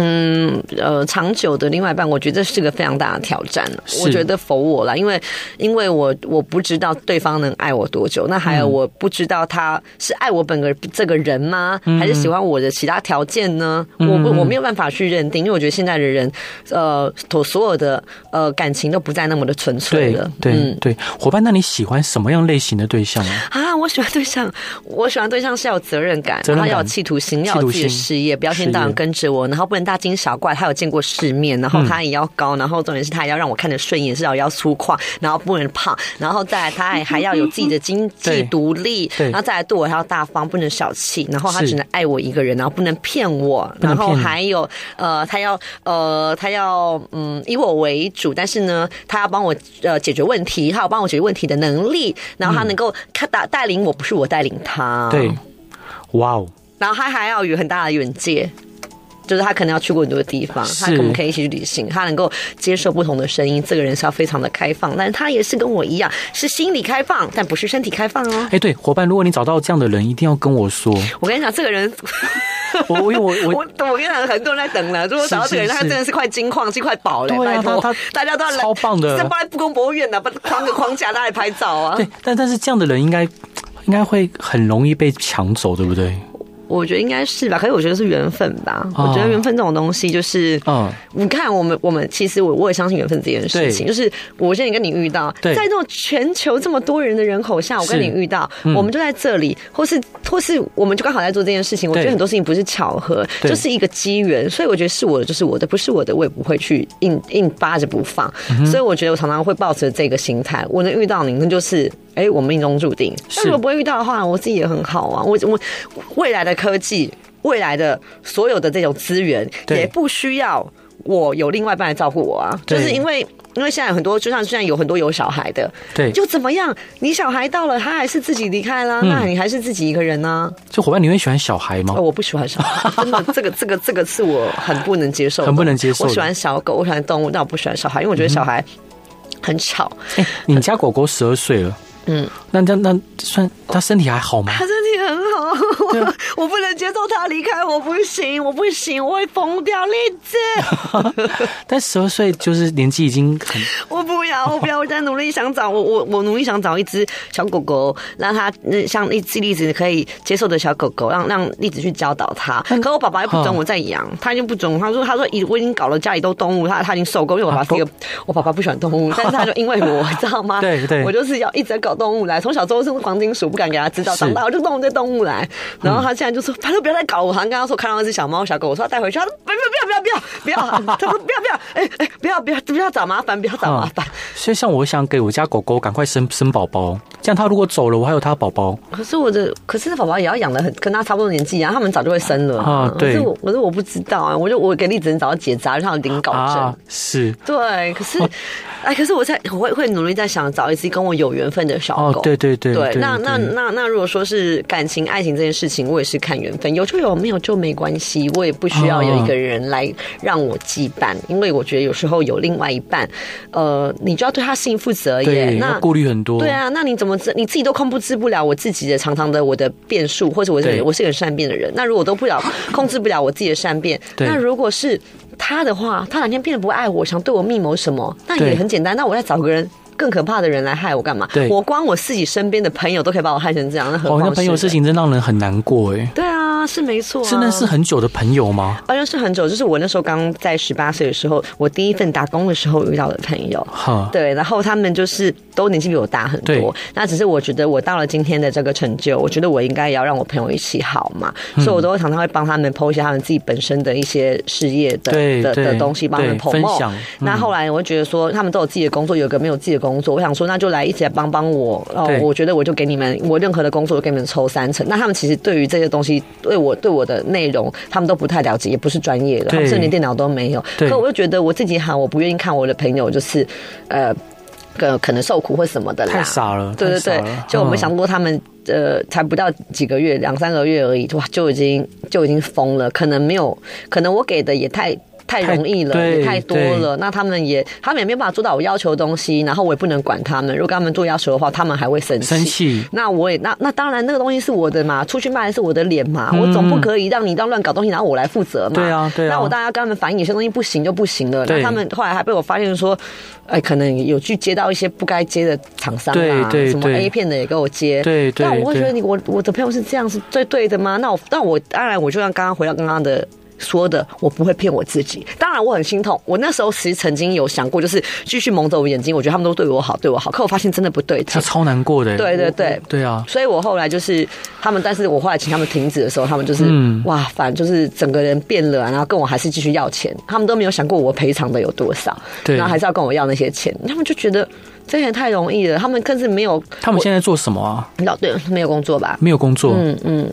S2: 嗯，呃，長久的另外一半，我覺得這是個非常大的挑戰。是我覺得否我了，因為因為我我不知道對方能愛我多久。那還有，我不知道他是愛我本個這個人嗎？嗯、還是喜歡我的其他條件呢？嗯、我不我沒有辦法去認定，嗯、因為我覺得現在的人，呃，所所有的呃感情都不再那麼的純粹了。對
S1: 對，夥、嗯、伴，那你喜歡什麼樣類型的對象
S2: 啊？啊，我喜歡對象，我喜歡對象是要責任感，任感然後要有企圖心，圖要有自己的事業，不要天當然跟着我，業然後不能大驚小怪，他有見過世面，然後他也要高，嗯、然後重點是他也要讓我看得順眼，至少要粗獷，然後不能胖，然後再來他還， 還要有自己的經濟獨對立，然後再來對我還要大方，不能小氣，然後他只能愛我一個人，是然後不能騙我，騙然後還有呃，他要呃，他要嗯以我為主，但是呢，他要幫我呃解決問題，他有幫我解決問題的能力，然後他能夠他帶帶領我，不是我帶領他，對，
S1: 哇哦，
S2: 然後他還要有很大的遠見。就是他可能要去過很多地方，他我們可以一起去旅行，是他能夠接受不同的聲音，這個人是要非常的開放。但是他也是跟我一樣，是心理開放，但不是身體開放哦。哎，
S1: 欸、對，夥伴，如果你找到這樣的人，一定要跟我說。
S2: 我跟你講，這個人，我我我 我我跟你講，很多人在等了，如果找到這個人，是是是他真的是塊金礦，是塊寶。對、啊、他拜託他，他大家都要超棒的，在巴黎故宮博物院呢、啊，不框個框架在 拍照啊。對，但但是
S1: 這樣的人應該應該會很容易被搶走，對不對？
S2: 我覺得應該是吧，可是我覺得是緣分吧。哦、我覺得緣分這種東西就是，你、哦、看我們我們其實我我也相信緣分這件事情，對 就是我現在跟你遇到，對 在這種全球這麼多人的人口下，我跟你遇到，是 我們就在這裡，嗯、或是或是我們就剛好在做這件事情，我覺得很多事情不是巧合，對 就是一個機緣，所以我覺得是我的就是我的，不是我的我也不會去硬硬扒着不放，嗯、哼 所以我覺得我常常會抱持這個心態，我能遇到你那就是。哎，我命中注定。但如果不會遇到的話，我自己也很好啊。我我未來的科技，未來的所有的這種資源，對也不需要我有另外一半來照顧我啊。對就是因為，因為現在很多，就像現在有很多有小孩的，對，就怎麼樣？你小孩到了，他還是自己離開啦，嗯、那你還是自己一個人呢、啊？
S1: 這伙伴，你會喜歡小孩嗎、哦？
S2: 我不喜歡小孩，真的， 這個這個這個是我很不能接受，很不能接受。我喜歡小狗，我喜歡動物，但我不喜歡小孩，因為我覺得小孩很吵。嗯、
S1: 哼你家狗狗十二歲了。 嗯，那那那那算他身體還好嗎？
S2: 很好，樣我不能接受他離開，我不行，我不行，我會瘋掉。栗子，
S1: 但十二歲就是年紀已經很。
S2: 我不要，我不要，我在努力想找我我我努力想找一隻小狗狗，讓他像一隻栗子可以接受的小狗狗，讓讓栗子去教導他。嗯、可我爸爸又不准我再養，嗯、他已經不准，他說他說已我已經搞了家裡都動物，他他已經受夠，因為我爸爸是一個、啊、我爸爸不喜歡動物，啊、但是他就因為我、啊、知道嗎？對對，對我就是要一直在搞動物來，從小時候是黃金鼠不敢給他知道，長是大我就動物在。動物來，然後他現在就說：“他說不要再搞我。”，他剛剛說看到那隻小貓、小狗，我說：“要帶回去。”他說：“不要不要不要不要不要。不要”他 說：“不要不要。欸”哎、欸、哎，不要，不要，不要，不要，不要找麻煩，不要找麻煩、
S1: 嗯。所以像我想給我家狗狗趕快生生寶寶，這樣他如果走了，我還有他的寶寶。
S2: 可是我的，可是寶寶也要養了，很跟他差不多年紀，然後他們早就會生了啊。嗯、對，我我說我不知道啊。我就我給你只能找到結紮，然後你搞證。啊，是對。可是，哦、哎，可是我在我會會努力在想找一隻跟我有緣分的小狗。對對對。對，那那那那，那如果說是感。情，愛情這件事情，我也是看緣分，有就有，沒有就沒關係。我也不需要有一個人來讓我羈絆，啊、因為我覺得有時候有另外一半，呃，你就要對他心負責耶。對那顧慮很多，對啊，那你怎麼知你自己都控制不了我自己的常常的我的變數，或者我是我是個對善變的人。那如果都不了控制不了我自己的善變， 對那如果是他的話，他哪天變得不愛我，想對我密謀什麼，那也很簡單，對那我再找個人。更可怕的人來害我幹嘛？對，我光我自己身邊的朋友都可以把我害成這樣，那很多、哦、朋友的事情
S1: 真讓人很難過哎、欸。
S2: 對啊，是沒錯、啊，真的是，是
S1: 很久的朋友嗎？
S2: 哦、啊，就是很久，就是我那時候剛在十八歲的時候，我第一份打工的時候遇到的朋友。哈、嗯，對，然後他們就是都年紀比我大很多。對那只是我覺得我到了今天的這個成就，我覺得我應該也要讓我朋友一起好嘛，嗯、所以我都會常常會幫他們 PO 一下他們自己本身的一些事業的的的東西，幫他們 PO。分享。那後來我會覺得說，他們都有自己的工作，有個沒有自己的工作，工作，我想說，那就來一起來幫幫我。然後，哦，對我覺得我就給你們，我任何的工作都給你們抽三成。那他們其實對於這些東西，對我對我的內容，他們都不太了解，也不是專業的，對甚至連電腦都沒有。對可我又覺得我自己好，我不願意看我的朋友就是，呃，呃，可能受苦或什麼的啦。太傻了，對對對，嗯、就我們想過他們，呃，才不到幾個月，兩三個月而已，哇，就已經就已經瘋了。可能沒有，可能我給的也太。太容易了，對也太多了。對那他們也，他們也沒有辦法做到我要求的東西，然後我也不能管他們。如果跟他們做要求的話，他們還會生氣。生氣那我也那那當然那個東西是我的嘛，出去賣的是我的臉嘛，嗯、我總不可以讓你這亂搞東西，然後我來負責嘛。對啊，對啊。那我當然要跟他們反映，有些東西不行就不行了。那對他們後來還被我發現說，哎，可能有去接到一些不該接的廠商嘛，對對對什麼 A 片的也給我接。對對，對對。那我會覺得你我我的朋友是這樣是最對的嗎？那我那我，那我當然我就像剛剛回到剛剛的。說的我不會騙我自己，當然我很心痛。我那時候其實曾經有想過，就是繼續蒙着我眼睛，我覺得他們都對我好，對我好。可我發現真的不對，他超難過的、欸。對對對，對啊。所以我後來就是他們，但是我後來請他們停止的時候，他們就是、嗯、哇，反正就是整個人變了、啊，然後跟我還是繼續要錢，他們都沒有想過我賠償的有多少，然後還是要跟我要那些錢，他們就覺得。掙錢太容易了，他們更是沒有。他們現在做什麼啊？哦，對，沒有工作吧？沒有工作。嗯嗯，
S1: 嗯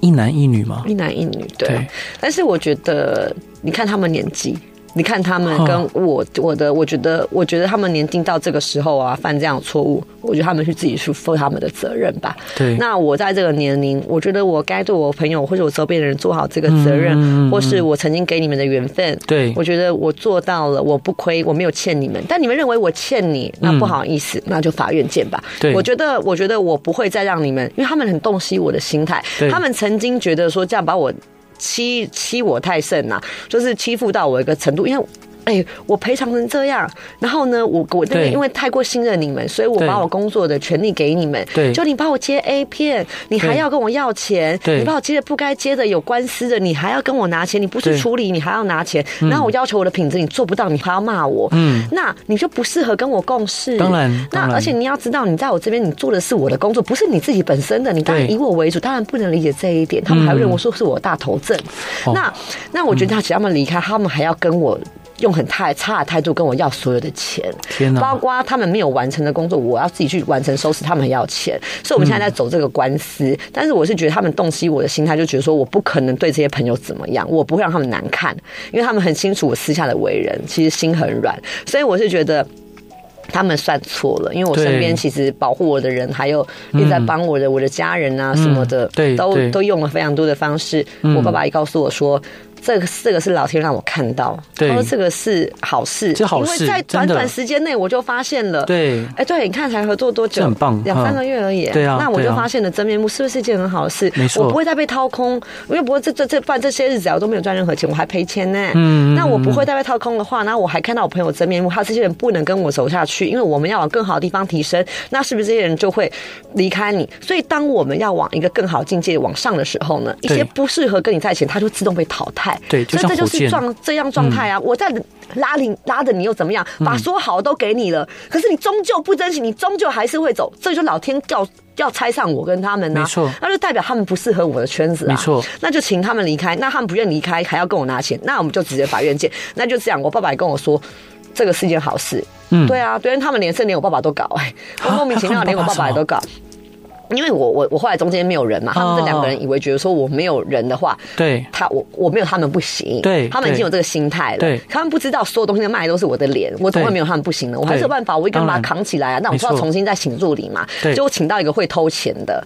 S1: 一一男一女嗎？一
S2: 男一女，對。對但是我覺得，你看他們年紀。你看他們跟我、oh. 我的，我覺得我覺得他們年齡到這個時候啊，犯這樣的錯誤，我覺得他們去自己去負他們的責任吧。對，那我在這個年齡，我覺得我該對我朋友或者我周邊的人做好這個責任，嗯、或是我曾經給你們的緣分。對，我覺得我做到了，我不虧，我沒有欠你們。但你們認為我欠你，那不好意思，嗯、那就法院見吧。對，我覺得我覺得我不會再讓你們，因為他們很洞悉我的心態，對他們曾經覺得說這樣把我。欺欺我太甚吶、啊！就是欺負到我一個程度，因為。哎，我賠償成這樣，然後呢？我我因為太過信任你們，所以我把我工作的權利給你們。對，就你把我接 A 片，你還要跟我要錢。對，你把我接的不該接的有官司的，你還要跟我拿錢。你不是處理，你還要拿錢。然後我要求我的品質，你做不到，你還要罵我。嗯，那你就不適合跟我共事。當然，那而且你要知道，你在我這邊，你做的是我的工作，不是你自己本身的。你當然以我為主，當然不能理解這一點。他們還認為說是我大頭症。那那我覺得他只要他們離開，他們還要跟我。用很太差的態度跟我要所有的錢，天、啊、包括他們沒有完成的工作，我要自己去完成，收拾他們很要錢。所以我們現在在走這個官司，嗯、但是我是覺得他們洞悉我的心態，就覺得說我不可能對這些朋友怎麼樣，我不會讓他們難看，因為他們很清楚我私下的為人，其實心很軟。所以我是覺得他們算錯了，因為我身邊其實保護我的人，對還有一直在幫我的、嗯、我的家人啊什麼的，嗯、對，都對都用了非常多的方式。嗯、我爸爸也告訴我說。這個這個是老天讓我看到，他對說這個是好事，這好事，因為在短短時間內我就發現了，對，哎、欸、對，你看才合作多久，很棒，兩三個月而已，對啊，哈那我就發現了真面目，是不是一件很好的事？沒錯我不會再被掏空，因為不過這這這不然這些日子我都沒有賺任何錢，我還賠錢呢，嗯，那我不會再被掏空的話，那我還看到我朋友真面目，還有這些人不能跟我走下去，因為我們要往更好的地方提升，那是不是這些人就會離開你？所以當我們要往一個更好的境界往上的時候呢，一些不適合跟你在一起，他就自動被淘汰。對，就所這就是狀這樣狀態啊！嗯、我在拉你拉着你又怎麼樣？把說好的都給你了，嗯、可是你終究不珍惜，你終究還是會走。這就是老天要要拆散我跟他們，啊，沒錯那就代表他們不適合我的圈子，啊。沒錯那就請他們離開。那他們不願離開，還要跟我拿錢，那我們就直接法院見。那就這樣，我爸爸也跟我說，這個是一件好事。嗯、對啊，對，他們連甚連我爸爸都搞，欸，莫名其妙連我爸爸也都搞。因為我我我後來中間沒有人嘛，他們這兩個人以為覺得說我沒有人的話，對，他我我沒有他們不行，對，他們已經有這個心態了，他們不知道所有東西的賣都是我的臉，我從來沒有他們不行了，我還是有辦法，我一個人把它扛起來啊，那我要重新再請助理嘛，就請到一個會偷錢的，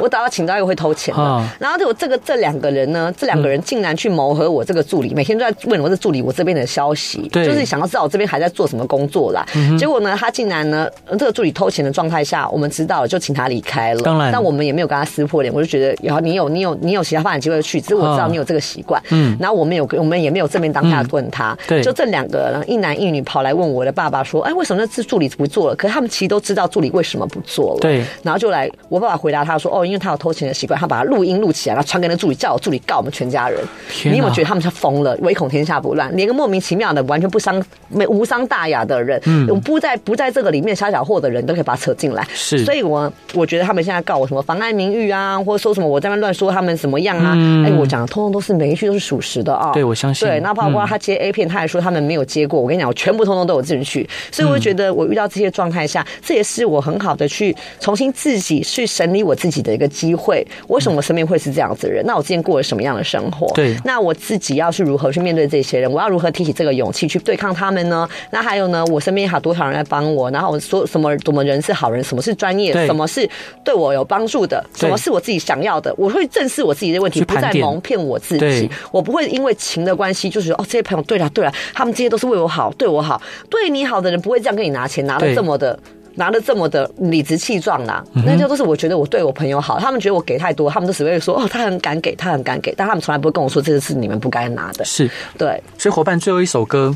S2: 我找到請到一個會偷錢的，然後就這個這兩個人呢，這兩個人竟然去謀合我這個助理，每天都在問我是助理我這邊的消息，就是想要知道我這邊還在做什麼工作啦。結果呢，他竟然呢，這個助理偷錢的狀態下，我們知道了就請他離開了。當然，但我們也沒有跟他撕破臉，我就覺得，然後你有你有你有其他發展機會去，只是我知道你有這個習慣、哦。嗯，然後我們有我們也沒有正面當下問他、嗯，對，就這兩個人，一男一女跑來問我的爸爸說：“哎、欸，為什麼那次助理不做了？”可是他們其實都知道助理為什麼不做了，對。然後就來我爸爸回答他說：“哦，因為他有偷情的習慣，他把他錄音錄起來，然後傳給那助理，叫我助理告我們全家人。天啊”天，你有沒有覺得他們就瘋了？唯恐天下不亂，連個莫名其妙的、完全不傷沒無傷大雅的人，嗯，不在不在這個裡面瞎攪和的人都可以把他扯進來。是，所以我我覺得他們現在。他告我什麼妨礙名譽啊，或者說什麼我在那亂說他們怎麼樣啊？哎、嗯欸，我講的通通都是每一句都是屬實的啊、哦！對我相信。對，那包括他接 A 片，他還說他們沒有接過。嗯、我跟你講，我全部通通都有證據。所以我覺得我遇到這些狀態下，這也是我很好的去重新自己去審理我自己的一個機會。為什麼身邊會是這樣子的人？嗯、那我之前過了什麼樣的生活？對，那我自己要去如何去面對這些人？我要如何提起這個勇氣去對抗他們呢？那還有呢？我身邊還有多少人來幫我？然後說什麼？什麼人是好人？什麼是專業？對什麼是對我？我有幫助的，什麼是我自己想要的？對我會正視我自己的問題，不再蒙騙我自己。對我不會因為情的關係，就是哦，這些朋友對啦對啦，他們這些都是為我好，對我好，對你好的人不會這樣跟你拿錢，拿的這麼的，對拿的這麼的理直氣壯啦。嗯、哼那些都是我覺得我對我朋友好，他們覺得我給太多，他們都只會說哦，他很敢給，他很敢給，但他們從來不會跟我說這個是你們不該拿的。是對，
S1: 所以夥伴最後一首歌。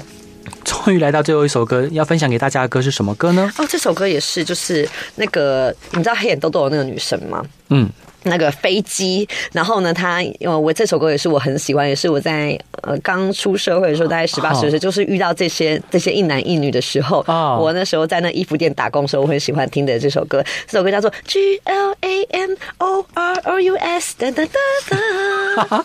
S1: 終於來到最後一首歌，要分享給大家的歌是什麼歌呢？
S2: 哦，這首歌也是，就是那個你知道黑眼豆豆的那個女神嗎？嗯。那個飛機，然後呢，他因為我這首歌也是我很喜歡，也是我在呃剛出社會的時候，大概十八歲的時候，oh. 就是遇到這些這些一男一女的時候，oh. 我那時候在那衣服店打工的時候，我很喜歡聽的這首歌。這首歌叫做《Glamorous》。噠噠噠噠，哈哈，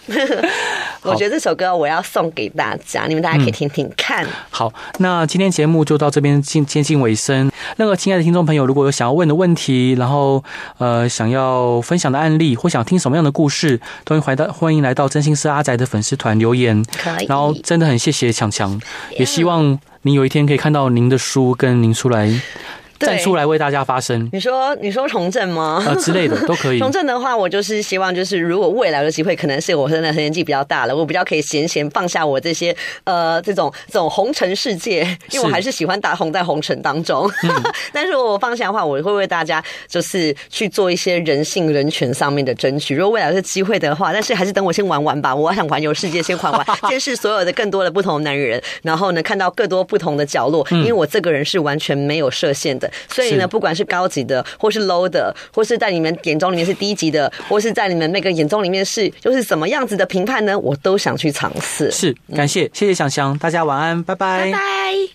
S2: 我覺得這首歌我要送給大家，好你們大家可以聽聽看。
S1: 嗯、好，那今天節目就到這邊進接近尾聲。那個親愛的聽眾朋友，如果有想要問的問題，然後呃想要分享的。案例或想聽什麼樣的故事，都歡迎到歡迎來到真心是阿宅的粉絲團留言。以然後真的很謝謝薔薔，也希望您有一天可以看到您的書跟您出來。對站出來為大家發聲。你
S2: 說你說從政嗎？呃，之類的都可以。從政的話，我就是希望就是如果未來的機會，可能是我真的年紀比較大了，我比較可以閒閒放下我這些呃這種這種紅塵世界，因為我還是喜歡打紅在紅塵當中。是。嗯、但是如果我放下的話，我會為大家就是去做一些人性人權上面的爭取。如果未來的機會的話，但是還是等我先玩玩吧，我想環遊世界先環玩，玩，先是 所有的更多的不同的男人，然後呢看到更多不同的角落，因為我這個人是完全沒有設限的。嗯所以呢，不管是高級的，或是 low 的，或是在你們眼中裡面是低級的，或是在你們那個眼中裡面是，就是怎麼樣子的評判呢？我都想去嘗試。是，感謝謝謝薔薔，大家晚安，拜拜。拜拜。